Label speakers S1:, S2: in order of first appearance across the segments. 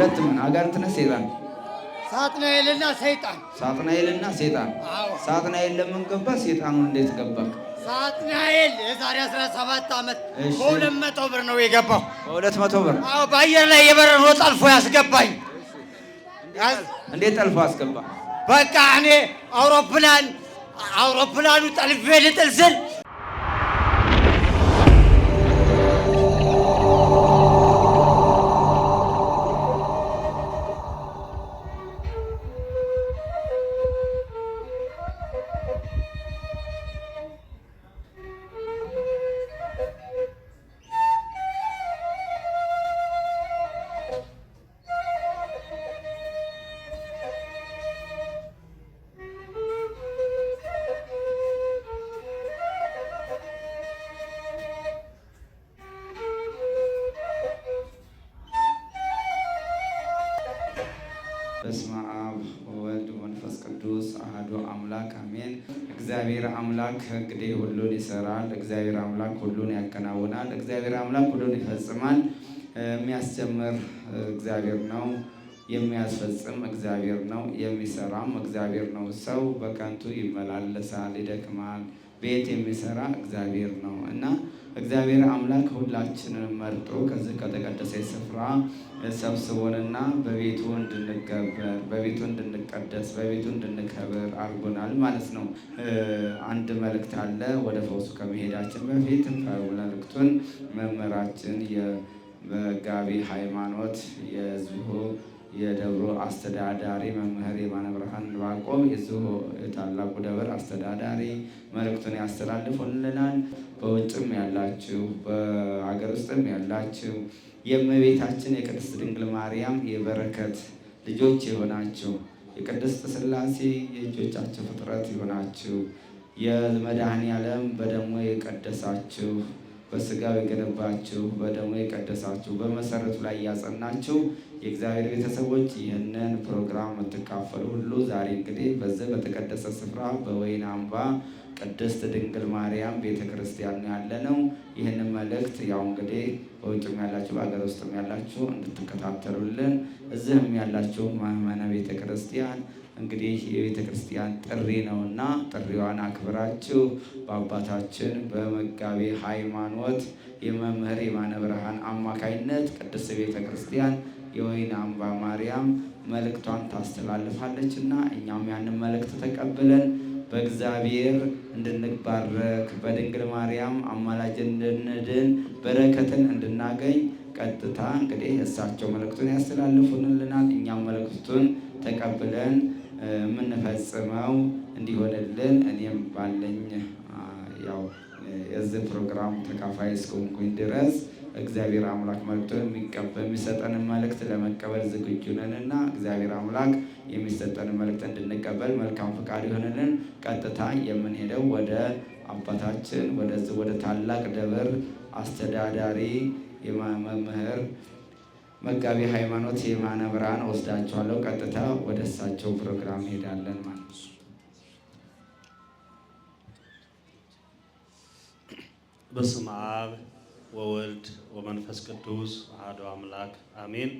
S1: ሁለት ምን አጋንንትና ሰይጣን
S2: ሳጥናኤልና ሰይጣን
S1: ሳጥናኤልና ሰይጣን ሳጥናኤል ለምን ገባ? ሰይጣኑ እንዴት ገባ?
S2: ሳጥናኤል የዛሬ 17 ዓመት በሁለት መቶ ብር ነው የገባው።
S1: በሁለት መቶ ብር
S2: አዎ፣ በአየር ላይ የበረን ሆ ጠልፎ ያስገባኝ።
S1: እንዴት ጠልፎ አስገባ?
S2: በቃ እኔ አውሮፕላን አውሮፕላኑ ጠልፌ ልጥል ስል
S1: በስመ አብ ወወልድ መንፈስ ቅዱስ አህዶ አምላክ አሜን። እግዚአብሔር አምላክ እንግዲህ ሁሉን ይሰራል። እግዚአብሔር አምላክ ሁሉን ያከናውናል። እግዚአብሔር አምላክ ሁሉን ይፈጽማል። የሚያስጀምር እግዚአብሔር ነው። የሚያስፈጽም እግዚአብሔር ነው። የሚሰራም እግዚአብሔር ነው። ሰው በከንቱ ይመላለሳል፣ ይደክማል። ቤት የሚሰራ እግዚአብሔር ነው እና እግዚአብሔር አምላክ ሁላችንን መርጦ ከዚህ ከተቀደሰ ስፍራ ሰብስቦንና በቤቱ እንድንገበር በቤቱ እንድንቀደስ በቤቱ እንድንከብር አድርጎናል ማለት ነው። አንድ መልእክት አለ። ወደ ፈውሱ ከመሄዳችን በፊት መልእክቱን መምህራችን የመጋቢ ሃይማኖት የዚሁ የደብሮ አስተዳዳሪ መምህር የማነ ብርሃን ባቆም የዚሁ ታላቁ ደብር አስተዳዳሪ መልእክቱን ያስተላልፉልናል። በውጭም ያላችሁ በአገር ውስጥም ያላችሁ የእመቤታችን የቅድስት ድንግል ማርያም የበረከት ልጆች የሆናችሁ የቅድስት ስላሴ የእጆቻችሁ ፍጥረት የሆናችሁ የመድኃኔዓለም በደሞ የቀደሳችሁ በስጋው የገነባችሁ በደሞ የቀደሳችሁ በመሰረቱ ላይ እያጸናችሁ የእግዚአብሔር ቤተሰቦች ይህንን ፕሮግራም የምትካፈሉ ሁሉ ዛሬ እንግዲህ በዚህ በተቀደሰ ስፍራ በወይን አምባ ቅድስት ድንግል ማርያም ቤተ ክርስቲያን ያለ ነው። ይህንን መልእክት ያው እንግዲህ በውጭም ያላችሁ በሀገር ውስጥም ያላችሁ እንድትከታተሉልን እዚህም ያላችሁ ማህመነ ቤተ ክርስቲያን እንግዲህ የቤተ ክርስቲያን ጥሪ ነውና ጥሪዋን አክብራችሁ በአባታችን በመጋቤ ሃይማኖት የመምህር የማነ ብርሃን አማካይነት ቅድስት ቤተ ክርስቲያን የወይን አምባ ማርያም መልእክቷን ታስተላልፋለች እና እኛም ያንን መልእክት ተቀብለን በእግዚአብሔር እንድንባረክ በድንግል ማርያም አማላጅ እንድንድን በረከትን እንድናገኝ ቀጥታ እንግዲህ እሳቸው መልእክቱን ያስተላልፉንልናል። እኛም መልእክቱን ተቀብለን የምንፈጽመው እንዲሆንልን እኔም ባለኝ ያው የዚህ ፕሮግራም ተካፋይ እስከሆንኩኝ ድረስ እግዚአብሔር አምላክ መጥቶ የሚሰጠንን መልእክት ለመቀበል ዝግጁ ነን እና እግዚአብሔር አምላክ የሚሰጠንን መልእክት እንድንቀበል መልካም ፈቃድ ይሆንልን። ቀጥታ የምንሄደው ወደ አባታችን ወደዚህ ወደ ታላቅ ደብር አስተዳዳሪ የመምህር መጋቢ ሃይማኖት የማነ ብርሃን ወስዳቸዋለሁ። ቀጥታ ወደ እሳቸው ፕሮግራም ሄዳለን ማለት ነው። በስመ አብ ወወልድ ወመንፈስ ቅዱስ አሐዱ አምላክ አሜን።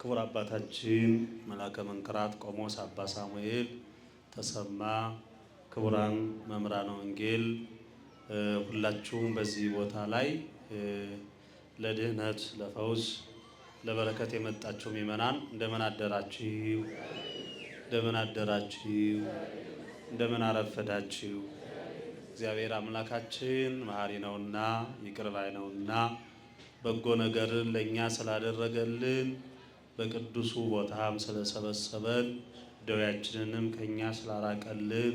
S1: ክቡር አባታችን መላከ መንክራት ቆሞስ አባ ሳሙኤል ተሰማ፣ ክቡራን መምህራነ ወንጌል ሁላችሁም በዚህ ቦታ ላይ ለድህነት ለፈውስ ለበረከት የመጣችሁ ምእመናን እንደምን አደራችሁ? እንደምን አደራችሁ? እንደምን አረፈዳችሁ? እግዚአብሔር አምላካችን መሐሪ ነውና ይቅር ባይ ነውና በጎ ነገርን ለእኛ ስላደረገልን በቅዱሱ ቦታም ስለሰበሰበን ደዌያችንንም ከእኛ ስላራቀልን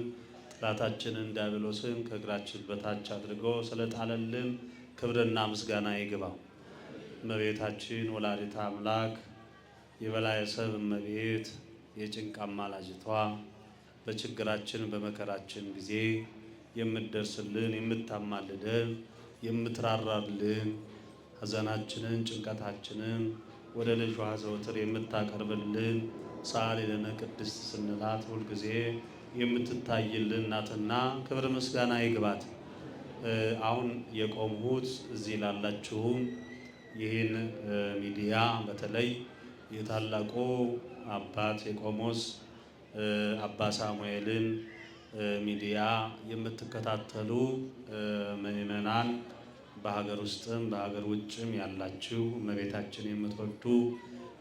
S1: ጥላታችንን ዲያብሎስን ከእግራችን በታች አድርጎ ስለጣለልን ክብርና ምስጋና ይግባው። እመቤታችን ወላዲተ አምላክ የበላይ ሰብ እመቤት የጭንቅ አማላጅቷ በችግራችን በመከራችን ጊዜ የምትደርስልን፣ የምታማልደን፣ የምትራራልን ሐዘናችንን ጭንቀታችንን ወደ ልጇ ዘወትር የምታቀርብልን ሰዓሊ ለነ ቅድስት ስንላት ሁልጊዜ የምትታይልን ናትና ክብር ምስጋና ይግባት። አሁን የቆምሁት እዚህ ላላችሁም ይህን ሚዲያ በተለይ የታላቁ አባት የቆሞስ አባ ሳሙኤልን ሚዲያ የምትከታተሉ ምእመናን በሀገር ውስጥም በሀገር ውጭም ያላችሁ እመቤታችን የምትወዱ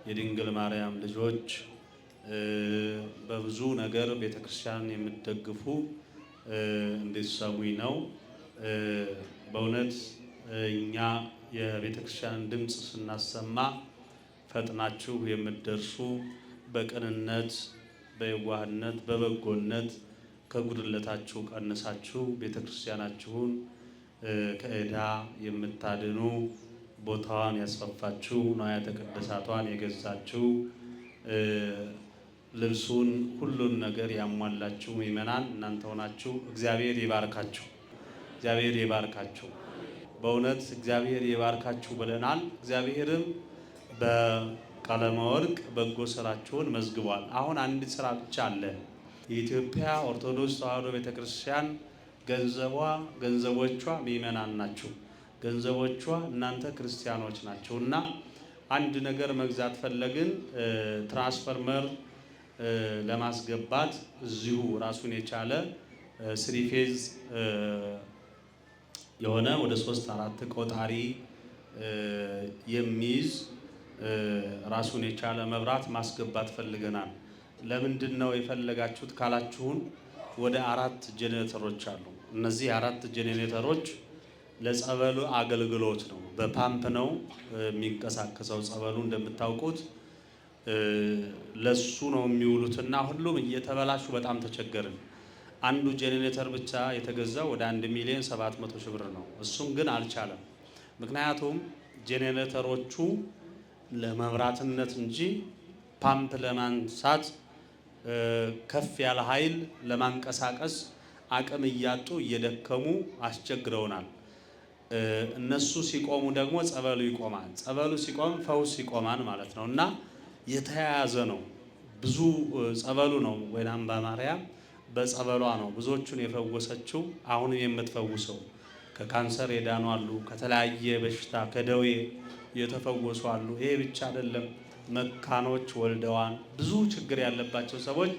S1: የድንግል ማርያም ልጆች በብዙ ነገር ቤተክርስቲያን የምትደግፉ እንዲሰሙኝ ነው። በእውነት እኛ የቤተክርስቲያን ድምፅ ስናሰማ ፈጥናችሁ የምትደርሱ በቅንነት፣ በየዋህነት፣ በበጎነት ከጉድለታችሁ ቀንሳችሁ ቤተ ክርስቲያናችሁን ከእዳ የምታድኑ ቦታዋን ያስፋፋችሁ፣ ንዋያተ ቅድሳቷን የገዛችሁ፣ ልብሱን ሁሉን ነገር ያሟላችሁ ምእመናን እናንተ ሆናችሁ እግዚአብሔር ይባርካችሁ። እግዚአብሔር ይባርካችሁ። በእውነት እግዚአብሔር ይባርካችሁ ብለናል። እግዚአብሔርም በቀለመ ወርቅ በጎ ስራችሁን መዝግቧል። አሁን አንድ ስራ ብቻ አለ። የኢትዮጵያ ኦርቶዶክስ ተዋሕዶ ቤተክርስቲያን ገንዘቧ ገንዘቦቿ ምእመናን ናችሁ፣ ገንዘቦቿ እናንተ ክርስቲያኖች ናችሁ እና አንድ ነገር መግዛት ፈለግን ትራንስፈርመር ለማስገባት እዚሁ ራሱን የቻለ ስሪፌዝ የሆነ ወደ ሶስት አራት ቆጣሪ የሚይዝ ራሱን የቻለ መብራት ማስገባት ፈልገናል። ለምንድን ነው የፈለጋችሁት ካላችሁን ወደ አራት ጄኔሬተሮች አሉ። እነዚህ አራት ጄኔሬተሮች ለጸበሉ አገልግሎት ነው። በፓምፕ ነው የሚንቀሳቀሰው ጸበሉ እንደምታውቁት ለሱ ነው የሚውሉትና ሁሉም እየተበላሹ በጣም ተቸገርን። አንዱ ጄኔሬተር ብቻ የተገዛው ወደ አንድ ሚሊዮን ሰባት መቶ ሺህ ብር ነው። እሱም ግን አልቻለም። ምክንያቱም ጄኔሬተሮቹ ለመብራትነት እንጂ ፓምፕ ለማንሳት ከፍ ያለ ኃይል ለማንቀሳቀስ አቅም እያጡ እየደከሙ አስቸግረውናል። እነሱ ሲቆሙ ደግሞ ጸበሉ ይቆማል። ጸበሉ ሲቆም ፈውስ ይቆማል ማለት ነው እና የተያያዘ ነው። ብዙ ጸበሉ ነው ወይን አምባ ማርያም በጸበሏ ነው ብዙዎቹን የፈወሰችው። አሁንም የምትፈውሰው ከካንሰር የዳኑ አሉ፣ ከተለያየ በሽታ ከደዌ የተፈወሱ አሉ። ይሄ ብቻ አይደለም። መካኖች ወልደዋን፣ ብዙ ችግር ያለባቸው ሰዎች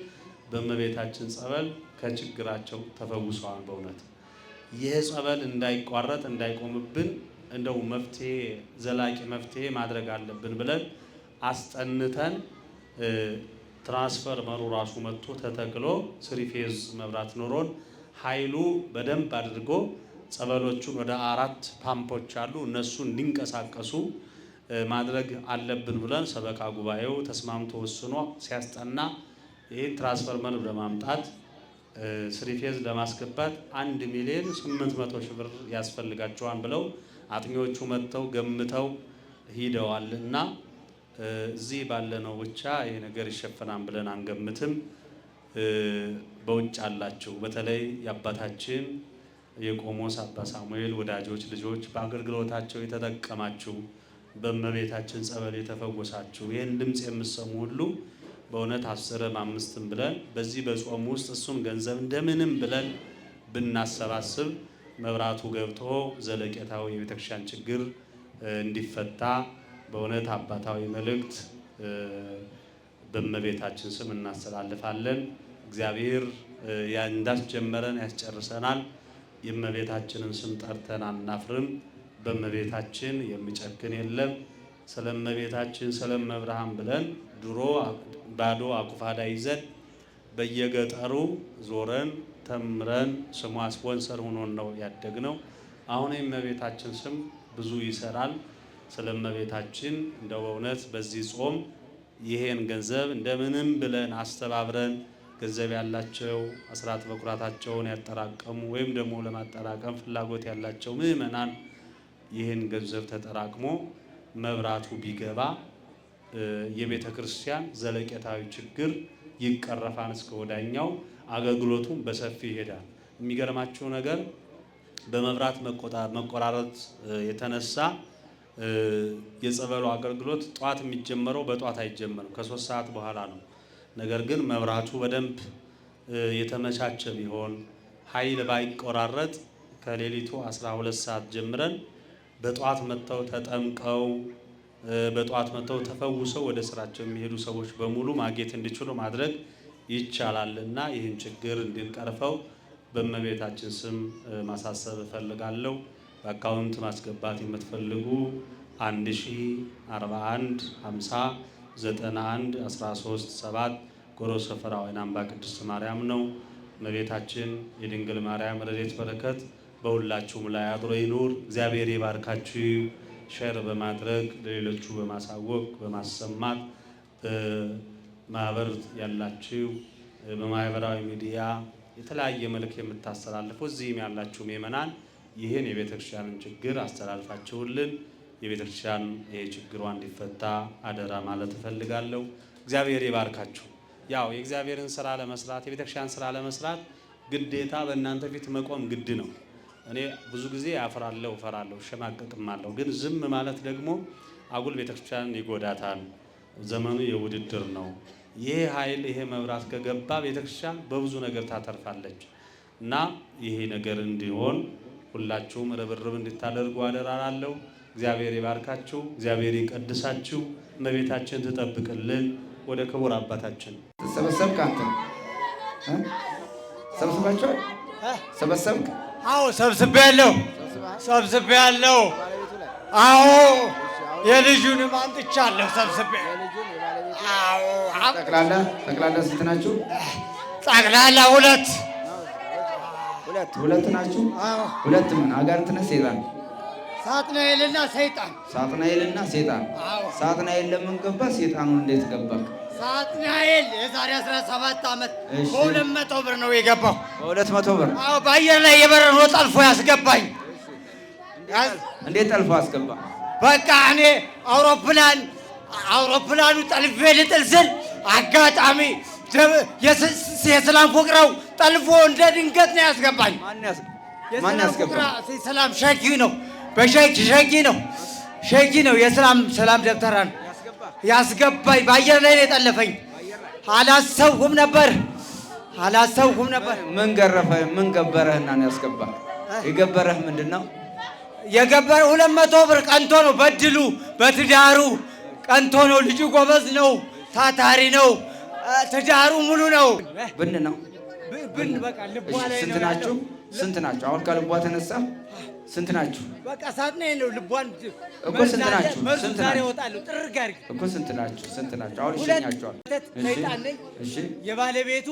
S1: በእመቤታችን ጸበል ከችግራቸው ተፈውሰዋል። በእውነት ይህ ጸበል እንዳይቋረጥ እንዳይቆምብን እንደው መፍትሄ ዘላቂ መፍትሄ ማድረግ አለብን ብለን አስጠንተን ትራንስፈርመሩ ራሱ መጥቶ ተተክሎ ስሪፌዝ ፌዝ መብራት ኖሮን ኃይሉ በደንብ አድርጎ ጸበሎቹን ወደ አራት ፓምፖች አሉ እነሱ እንዲንቀሳቀሱ ማድረግ አለብን ብለን ሰበካ ጉባኤው ተስማምቶ ወስኖ ሲያስጠና ይህን ትራንስፈርመር ለማምጣት ስሪፌዝ ለማስገባት አንድ ሚሊዮን ስምንት መቶ ሺህ ብር ያስፈልጋቸዋል ብለው አጥኚዎቹ መጥተው ገምተው ሂደዋል እና እዚህ ባለነው ብቻ ይህ ነገር ይሸፈናል ብለን አንገምትም። በውጭ አላችሁ በተለይ የአባታችን የቆሞስ አባ ሳሙኤል ወዳጆች ልጆች በአገልግሎታቸው የተጠቀማችሁ በእመቤታችን ጸበል የተፈወሳችሁ ይህን ድምፅ የምሰሙ ሁሉ በእውነት አስርም አምስትም ብለን በዚህ በጾም ውስጥ እሱን ገንዘብ እንደምንም ብለን ብናሰባስብ መብራቱ ገብቶ ዘለቄታዊ የቤተክርስቲያን ችግር እንዲፈታ በእውነት አባታዊ መልእክት በእመቤታችን ስም እናስተላልፋለን። እግዚአብሔር እንዳስጀመረን ያስጨርሰናል። የእመቤታችንን ስም ጠርተን አናፍርም። በእመቤታችን የሚጨክን የለም። ስለ እመቤታችን ስለ እመብርሃን ብለን ድሮ ባዶ አቁፋዳ ይዘን በየገጠሩ ዞረን ተምረን ስሟ ስፖንሰር ሆኖን ነው ያደግነው። አሁን የእመቤታችን ስም ብዙ ይሰራል። ስለ እመቤታችን እንደ በእውነት በዚህ ጾም ይሄን ገንዘብ እንደምንም ብለን አስተባብረን ገንዘብ ያላቸው አስራት በኩራታቸውን ያጠራቀሙ ወይም ደግሞ ለማጠራቀም ፍላጎት ያላቸው ምዕመናን ይህን ገንዘብ ተጠራቅሞ መብራቱ ቢገባ የቤተ ክርስቲያን ዘለቄታዊ ችግር ይቀረፋን እስከ ወዳኛው አገልግሎቱም በሰፊ ይሄዳል። የሚገርማችሁ ነገር በመብራት መቆራረጥ የተነሳ የጸበሉ አገልግሎት ጧት የሚጀመረው በጧት አይጀመርም፣ ከሶስት ሰዓት በኋላ ነው። ነገር ግን መብራቱ በደንብ የተመቻቸ ቢሆን ኃይል ባይቆራረጥ ከሌሊቱ 12 ሰዓት ጀምረን በጠዋት መጥተው ተጠምቀው በጠዋት መጥተው ተፈውሰው ወደ ስራቸው የሚሄዱ ሰዎች በሙሉ ማግኘት እንዲችሉ ማድረግ ይቻላል እና ይህን ችግር እንድንቀርፈው በእመቤታችን ስም ማሳሰብ እፈልጋለሁ። በአካውንት ማስገባት የምትፈልጉ 1041 50 91 13 7 ጎሮ ሰፈራ ወይን አምባ ቅድስት ማርያም ነው። እመቤታችን የድንግል ማርያም ረድኤት በረከት በሁላችሁም ላይ አድሮ ይኑር። እግዚአብሔር ይባርካችሁ። ሸር በማድረግ ለሌሎቹ በማሳወቅ በማሰማት ማህበር ያላችሁ በማህበራዊ ሚዲያ የተለያየ መልክ የምታስተላልፉ እዚህም ያላችሁ ምእመናን ይህን የቤተክርስቲያንን ችግር አስተላልፋችሁልን የቤተክርስቲያን ችግሯ እንዲፈታ አደራ ማለት እፈልጋለሁ። እግዚአብሔር ይባርካችሁ። ያው የእግዚአብሔርን ስራ ለመስራት የቤተክርስቲያን ስራ ለመስራት ግዴታ በእናንተ ፊት መቆም ግድ ነው። እኔ ብዙ ጊዜ አፍራለሁ፣ እፈራለሁ፣ እሸማቀቅማለሁ። ግን ዝም ማለት ደግሞ አጉል ቤተክርስቲያንን ይጎዳታል። ዘመኑ የውድድር ነው። ይሄ ኃይል ይሄ መብራት ከገባ ቤተክርስቲያን በብዙ ነገር ታተርፋለች እና ይሄ ነገር እንዲሆን ሁላችሁም ርብርብ እንድታደርጉ አደራ እግዚአብሔር ይባርካችሁ፣ እግዚአብሔር ይቀድሳችሁ፣ እመቤታችን ትጠብቅልን። ወደ ክቡር አባታችን ሰበሰብክ አንተ ሰበሰባቸዋል ሰበሰብክ
S2: አዎ ሰብስቤ ያለው ሰብስቤ ያለው አዎ የልጁንም አምጥቻለሁ ሰብስቤ።
S1: አዎ ጠቅላላ ጠቅላላ ስንት ናችሁ?
S2: ጠቅላላ ሁለት
S1: ሁለት ሁለት ናችሁ። ሁለት ምን አጋንንትና ሰይጣን
S2: ሳጥናኤልና ሰይጣን
S1: ሳጥናኤልና ሴጣን ሳጥናኤል ለምን ገባ? ሰይጣኑን እንዴት ገባ?
S2: ሳጥናኤል የዛሬ 17 ዓመት በሁለት መቶ ብር ነው የገባው።
S1: በሁለት መቶ ብር?
S2: አዎ፣ በአየር ላይ የበረረ ጠልፎ ያስገባኝ።
S1: እንዴት ጠልፎ አስገባ?
S2: በቃ እኔ አውሮፕላን አውሮፕላኑ ጠልፌ ልጥል ስል አጋጣሚ የሰላም ፎቅራው ጠልፎ እንደ ድንገት ነው ያስገባኝ። ሰላም ሸጊ ነው፣ በሸጊ ሸጊ ነው፣ ሸጊ ነው። የሰላም ሰላም ደብተራ ነው ያስገባኝ በአየር ላይ ነው የጠለፈኝ። አላሰውም ነበር አላሰውም ነበር።
S1: ምን ገረፈ? ምን ገበረህና ነው ያስገባ የገበረህ ምንድን ነው
S2: የገበረ? ሁለት መቶ ብር ቀንቶ ነው በድሉ በትዳሩ ቀንቶ ነው። ልጁ ጎበዝ ነው፣ ታታሪ ነው፣ ትዳሩ ሙሉ ነው። ብን ነው ብን። በቃ ልቧ ላይ ነው።
S1: ስንት ናችሁ? ስንት ናችሁ? አሁን ከልቧ ተነሳ ስንት ናችሁ?
S2: በቃ ሳጥና ነው ልቧን
S1: እኮ ስንት ናችሁ? ስንት ናችሁ? ስንት ናችሁ? አሁን
S2: እሺ የባለቤቱ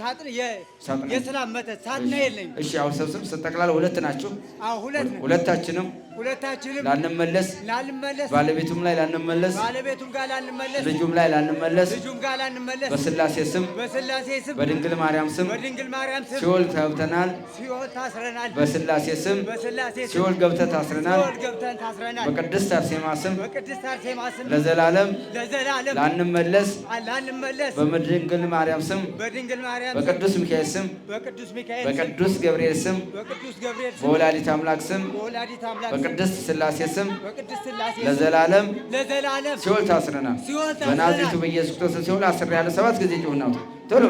S2: ሳጥን መተት የለኝም።
S1: እሺ አሁን ሰብስብ ጠቅላላ ሁለት ናችሁ። ሁለታችንም ሁለታችንም ላንመለስ ላንመለስ ባለቤቱም ላይ ላንመለስ ባለቤቱም ጋር ላንመለስ ልጁም ላይ ላንመለስ ልጁም ጋር ላንመለስ በስላሴ ስም በስላሴ ስም በድንግል ማርያም ስም በድንግል ማርያም ስም ሲኦል ገብተናል ሲኦል ታስረናል። በስላሴ ስም በስላሴ ስም ሲኦል ገብተን ታስረናል። ሲኦል ገብተን ታስረናል። በቅድስት አርሴማ ስም በቅድስት አርሴማ ስም ለዘላለም ለዘላለም ላንመለስ ላንመለስ በድንግል ማርያም ስም በድንግል ማርያም በቅዱስ ሚካኤል ስም በቅዱስ ሚካኤል በቅዱስ ገብርኤል ስም በቅዱስ ገብርኤል ስም በወላዲት አምላክ ስም በወላዲት አምላክ በቅድስት ስላሴ ስም ለዘላለም ሲኦል ታስረናል። በናዝሬቱ በኢየሱስ ክርስቶስ ሲኦል አስር ያለ ሰባት ጊዜ ጭሁና ቶሎ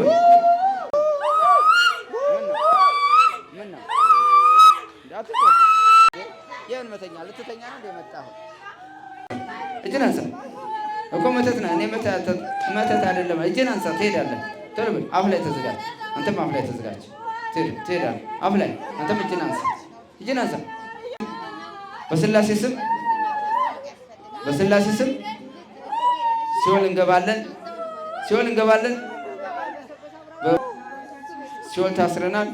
S1: እኮ መተት ነህ። እኔ መተት አይደለም። እጅን አንሳ ትሄዳለህ። ቶሎ በል አፍ ላይ ተዘጋጅ። አንተም አፍ ላይ ተዘጋጅ። ትሄዳለህ። አፍ ላይ አንተም አንሳ፣ አንሳ በስላሴ ስም በስላሴ ስም ሲሆን እንገባለን፣ ሲሆን እንገባለን፣ ሲሆን ታስረናል።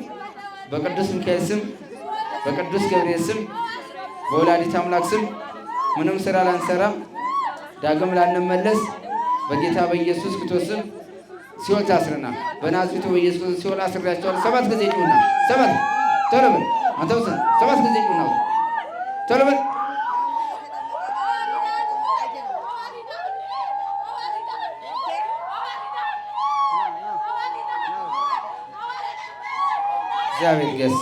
S1: በቅዱስ ሚካኤል ስም፣ በቅዱስ ገብርኤል ስም፣ በወላዲት አምላክ ስም ምንም ስራ ላንሰራ ዳግም ላንመለስ በጌታ በኢየሱስ ክርስቶስ ስም ሲሆን ታስረናል። በናዝሬቱ በኢየሱስ ሲሆን አስሬያቸዋል። ሰባት ጊዜ ጩና ሰባት ተረብን አንተውሰን ሰባት ጊዜ ጩና ቶሎ በል እግዚአብሔር ገስ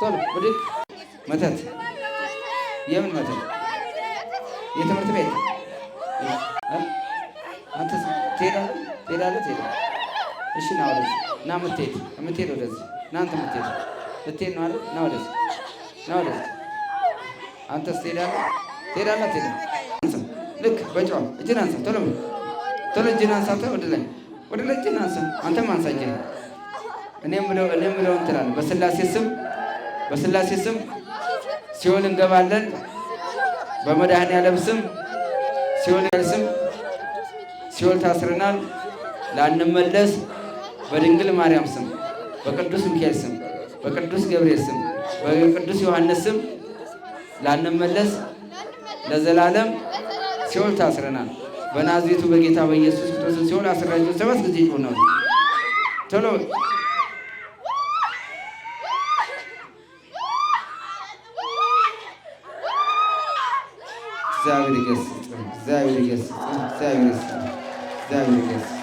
S1: ቶሎ ብድግ መተት የምን መተት የትምህርት ቤት አንተ ትሄዳለህ ትሄዳለህ ትሄዳለህ እሺ ና ወደዚህ ና የምትሄድ የምትሄድ ወደዚህ ና አንተ የምትሄድ ልትሄድ ነው አይደል ና ወደዚህ ና ወደዚህ አንተስ ትሄዳለህ ትሄዳለህ ትሄዳለህ። ልክ በጨዋ እጅን አንሳ፣ ቶሎ ቶሎ እጅን አንሳ፣ ወደ ላይ ወደ ላይ እጅን አንሳ። አንተም አንሳ እጅን። እኔ የምለው እኔ የምለው እንትላል በስላሴ ስም በስላሴ ስም ሲኦል እንገባለን። በመድኃኔዓለም ስም ሲኦል ስም ሲኦል ታስረናል፣ ላንመለስ። በድንግል ማርያም ስም፣ በቅዱስ ሚካኤል ስም፣ በቅዱስ ገብርኤል ስም፣ በቅዱስ ዮሐንስ ስም ላንመለስ ለዘላለም ሲኦል ታስረናል። በናዝሬቱ በጌታ በኢየሱስ ክርስቶስ ሲኦል አስራቸው። ሰባት ጊዜ ጮኸናል። ቶሎ እግዚአብሔር ይገስጽ፣ እግዚአብሔር ይገስጽ፣ እግዚአብሔር ይገስጽ፣ እግዚአብሔር ይገስጽ።